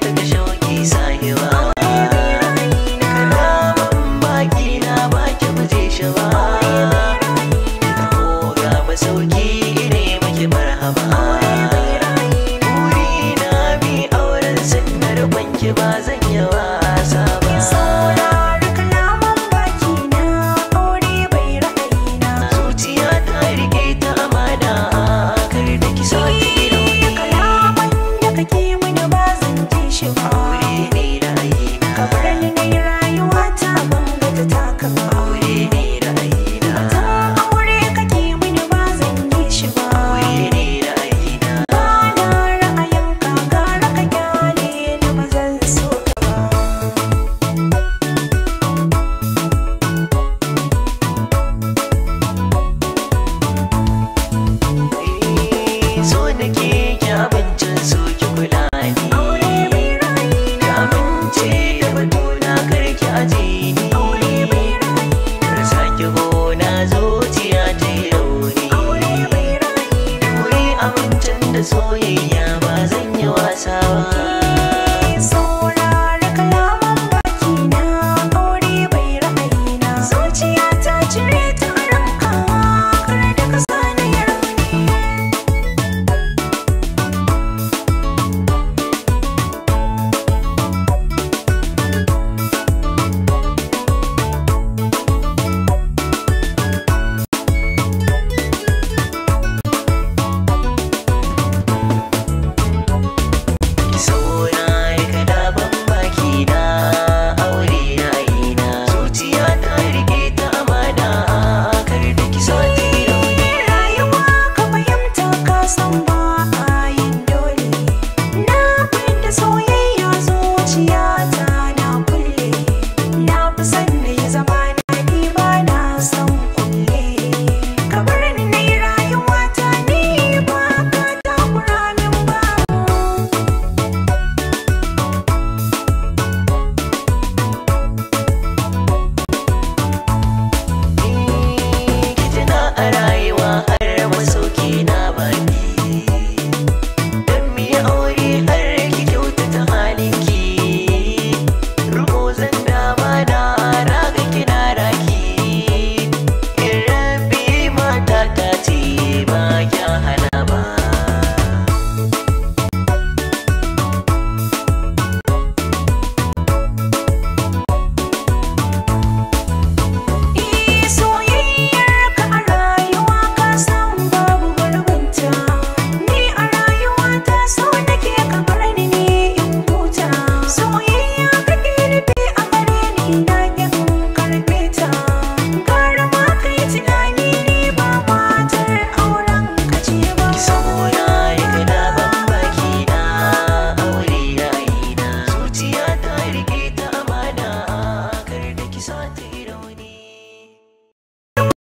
Take the mission. So you.